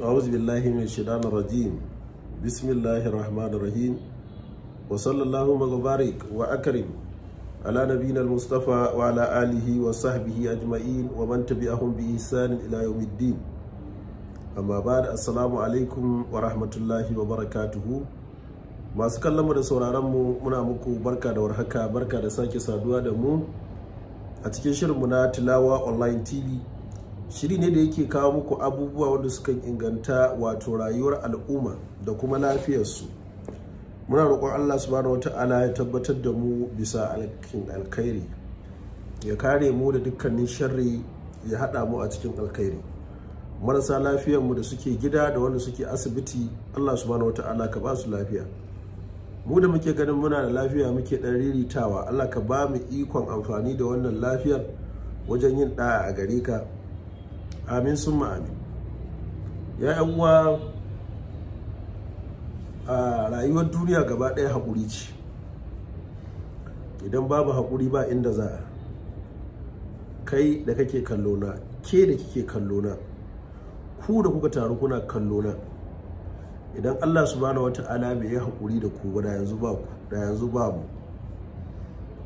أعوذ بالله من الشيطان الرجيم بسم الله الرحمن الرحيم وصلى الله وبارك وأكرم على نبينا المصطفى وعلى آله وصحبه أجمعين ومن تبعهم بإحسان إلى يوم الدين amma ba da assalamu alaikum wa rahmatullahi wa barakatuhu masu kallonmu da sauraronmu muna muku barka da warhaka barka da sake saduwa da mu a cikin shirinmu na tilawa online tv shiri ne da yake kawo muku abubuwa wanda suka inganta wato rayuwar al'umma da kuma lafiyarsu muna roƙon allah subhanahu wata'ala ya tabbatar da mu bisa alkin alkhairi ya kare mu da dukkanin sharri ya haɗa mu a cikin alkhairi marasa lafiyarmu da suke gida da wanda suke asibiti allah subhanahu wata'ala ka ba su lafiya mu da muke ganin muna da lafiya muke ɗan riritawa allah ka ba mu ikon amfani da wannan lafiyar wajen yin ɗaya a gare ka amin sun ma'amin ya uwa a rayuwar duniya gaba ɗaya haƙuri ce idan babu haƙuri ba inda za a kai da kake kallona ke da kike kallona ku da kuka taru kuna kallona idan allah subhanahu wata ala bai yi haƙuri da ku ba da yanzu ba da yanzu ba mu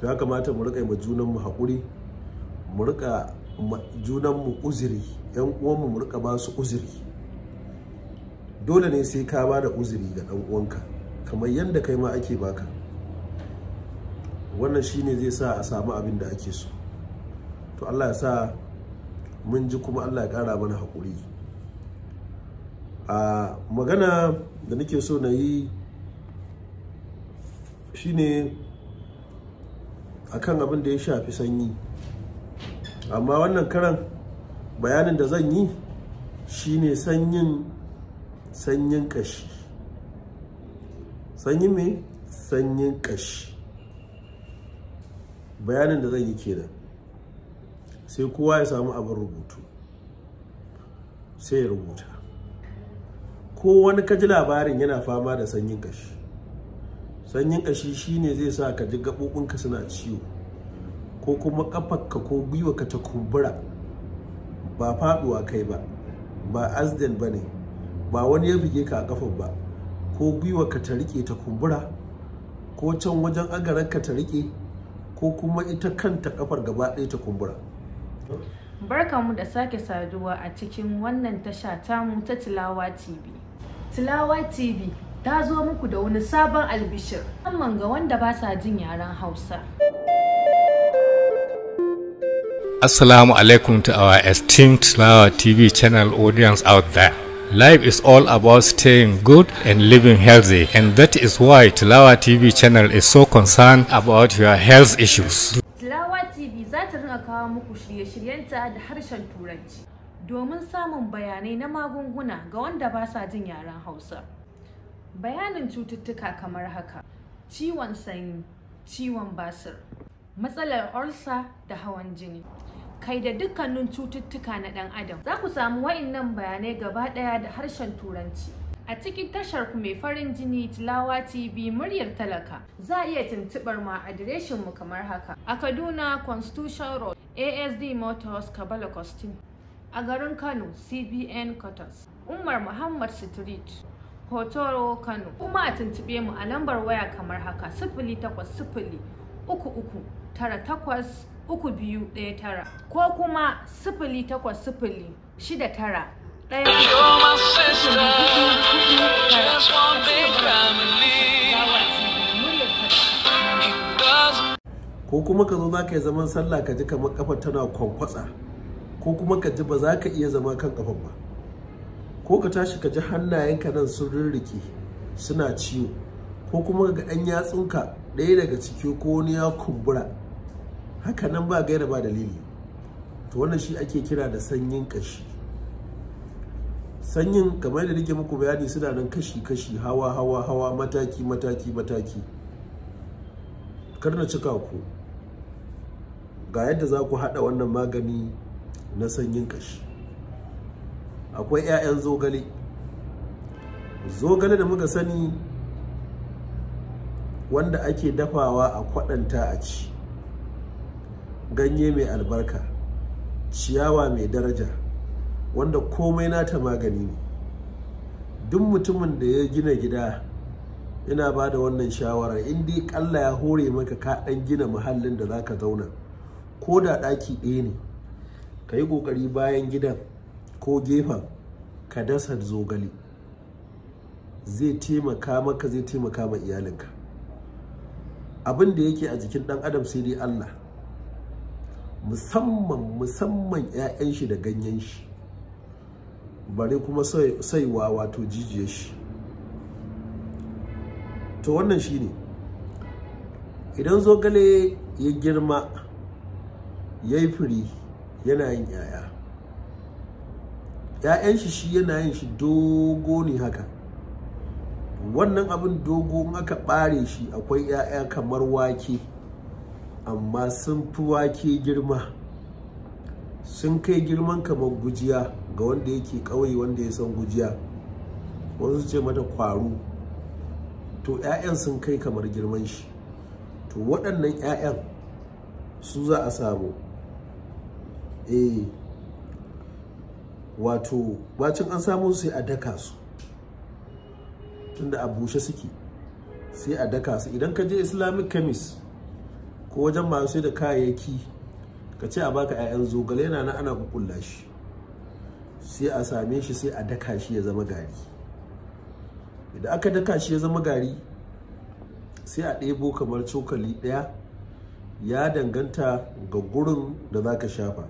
ya kamata mu riƙa yi mu haƙuri mu riƙa Junan mu uzuri yan uwanmu mu rika ba su uzuri dole ne sai ka ba da uzuri ga dan uwanka kamar yadda kai ma ake baka wannan shine zai sa a samu abin da ake so to Allah ya sa mun ji kuma Allah ya kara mana haƙuri a magana da nake so na yi shine akan abin da ya shafi sanyi amma wannan karan bayanin da zan yi shine sanyin sanyin kashi sanyin me sanyin kashi bayanin da zan yi kenan sai kowa ya samu abin rubutu sai ya rubuta ko wani ka ji labarin yana fama da sanyin kashi sanyin kashi shine zai sa ka ji gaɓoɓinka suna ciwo ko kuma kafarka ko gwiwarka ta kumbura ba faduwa kai ba ba asdel ba ne ba wani ya buge ka a kafar ba ko gwiwarka ta rike ta kumbura ko can wajen ka ta rike ko kuma ita kanta kafar gaba ɗaya ta kumbura barkanmu da sake saduwa a cikin wannan tasha tamu ta tilawa tv tilawa tv ta zo muku da wani sabon albishir musamman ga wanda ba sa jin yaren hausa Assalamu alaikum to our esteemed Lawa TV channel audience out there. Life is all about staying good and living healthy, and that is why Tilawa TV channel is so concerned about your health issues. Tilawa TV za ta rinka kawo muku shirye-shiryenta da harshen Turanci domin samun bayanai na magunguna ga wanda ba sa jin yaren Hausa. Bayanin cututtuka kamar haka: ciwon sanyi, ciwon basir, matsalar olsa da hawan jini. kai da dukkanin cututtuka na ɗan adam za ku samu wa'innan bayanai gaba ɗaya da harshen turanci a cikin tashar ku mai farin jini tilawa tv muryar talaka za a iya tuntuɓar mu a adireshin mu kamar haka a kaduna constitution road asd motors kabala costin a garin kano cbn quarters umar muhammad street hotoro kano kuma a tuntuɓe mu a lambar waya kamar haka sifili takwas sifili uku uku tara takwas uku biyu ɗaya tara ko kuma sifili takwas sifili shida tara ɗaya ko kuma ka zo za ka yi zaman sallah ka ji kamar kafar tana kwankwatsa ko kuma ka ji ba za ka iya zama kan kafar ba ko ka tashi ka ji hannayenka nan sun rirrike suna ciwo ko kuma ga an yatsunka ɗaya daga ciki ko wani ya kumbura haka nan ba gaira ba dalili to wannan shi ake kira da sanyin kashi sanyin kamar da nake muku bayani suna nan kashi kashi hawa hawa hawa mataki mataki mataki kar cika ku ga yadda za ku haɗa wannan magani na sanyin kashi akwai 'ya'yan zogale zogale da muka sani wanda ake dafawa a kwaɗanta a ci ganye mai albarka ciyawa mai daraja wanda komai nata magani ne duk mutumin da ya gina gida ina ba da wannan shawara in dai kalla ya hore maka ka dan gina muhallin da za ka zauna ko da ɗaki ɗaya ne ka yi ƙoƙari bayan gidan ko gefen ka dasa zogale zai taimaka maka zai taimaka ma iyalinka abin da yake a jikin dan adam sai dai allah musamman musamman 'ya'yan shi da ganyen shi bare kuma saiwa wato jijiyar shi to wannan shi ne, idan zogale ya girma ya yi firi yana yin 'ya'ya 'ya'yan shi shi yana yin shi dogo ne haka wannan abin dogo in aka ɓare shi akwai 'ya'ya kamar wake amma sun fi wake girma sun kai girman kamar gujiya ga wanda yake ƙauye wanda ya san gujiya wasu ce mata kwaro to 'ya'yan sun kai kamar girman shi to waɗannan 'ya'yan su za a samu eh wato bacin an samu sai a daka su tunda a bushe suke sai a daka su idan ka je islamic chemist ko wajen masu sai da kayayyaki ka ce a baka 'ya'yan zogale yana nan ana kukulla shi sai a same shi sai a daka shi ya zama gari idan aka daka shi ya zama gari sai a ɗebo kamar cokali ɗaya ya danganta ga gurin da za ka shafa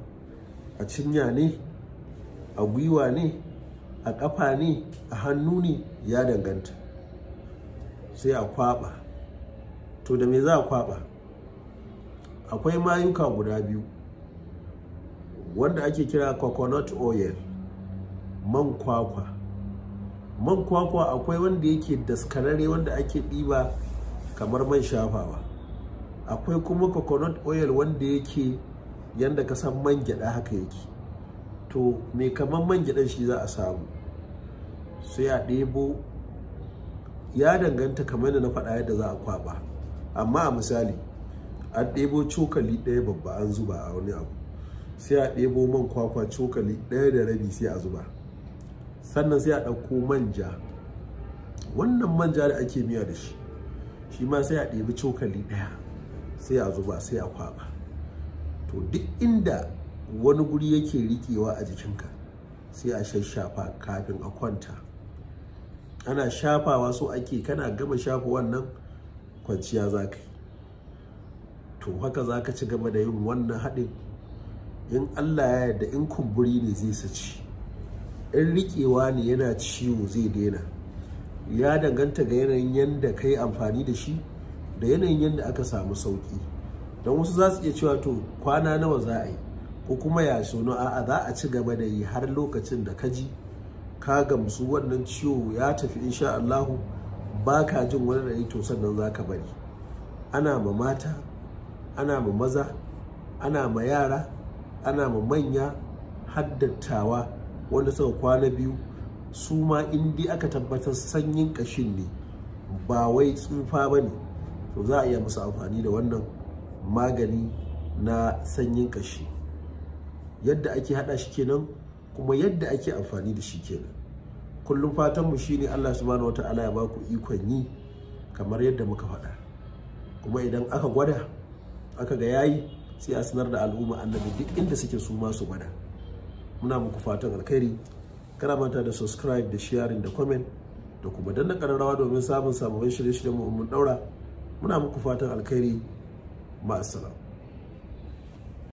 a cinya ne a gwiwa ne a ƙafa ne a hannu ne ya danganta sai a kwaba to da me za a kwaba akwai mayuka guda biyu wanda ake kira coconut oil man kwakwa man kwakwa akwai wanda yake daskarare wanda ake ɗiba kamar man shafawa akwai kuma coconut oil wanda yake yanda ka san man gyada haka yake to mai kamar man gyaɗan shi za a samu sai a ɗebo ya danganta kamar da na faɗa yadda za a kwaba amma a misali an ɗebo cokali ɗaya babba an zuba a wani abu sai a ɗebo man kwakwa cokali ɗaya da rabi sai a zuba sannan sai a ɗauko manja wannan manja da ake miya da shi shi ma sai a ɗebi cokali ɗaya sai a zuba sai a kwaba to duk inda wani guri yake riƙewa a jikinka sai a shashafa kafin a kwanta ana shafawa so ake kana gama shafa wannan kwanciya za ka yi to haka za ka ci gaba da yin wannan haɗin in allah ya yarda in kumburi ne zai saci in riƙewa ne yana ciwo zai daina ya danganta ga yanayin yadda ka yi amfani da shi da yanayin yadda aka samu sauƙi don wasu za su iya cewa to kwana nawa za a yi ko kuma ya sono a'a za a ci gaba da yi har lokacin da ka ji ka gamsu wannan ciwo ya tafi inshaAllahu, Allahu ba ka jin wani rai to sannan za ka bari ana ma mata ana ma maza ana ma yara ana ma manya haddattawa wanda suka kwana biyu su ma indi aka tabbatar sanyin kashin ne ba wai tsufa ba ne to za a iya musu amfani da wannan magani na sanyin kashi yadda ake hada shi kenan kuma yadda ake amfani da shi kenan kullum fatanmu shi ne Allah subhanahu wata'ala ya baku ikon yi kamar yadda muka faɗa kuma idan aka gwada aka ga yayi sai a sanar da al'umma annabi duk inda suke su ma su gwada muna muku fatan alkhairi kana manta da subscribe da sharing da comment da kuma danna kararrawa domin samun sababbin shirye-shiryen mu mun daura muna muku fatan alkhairi ma'assalam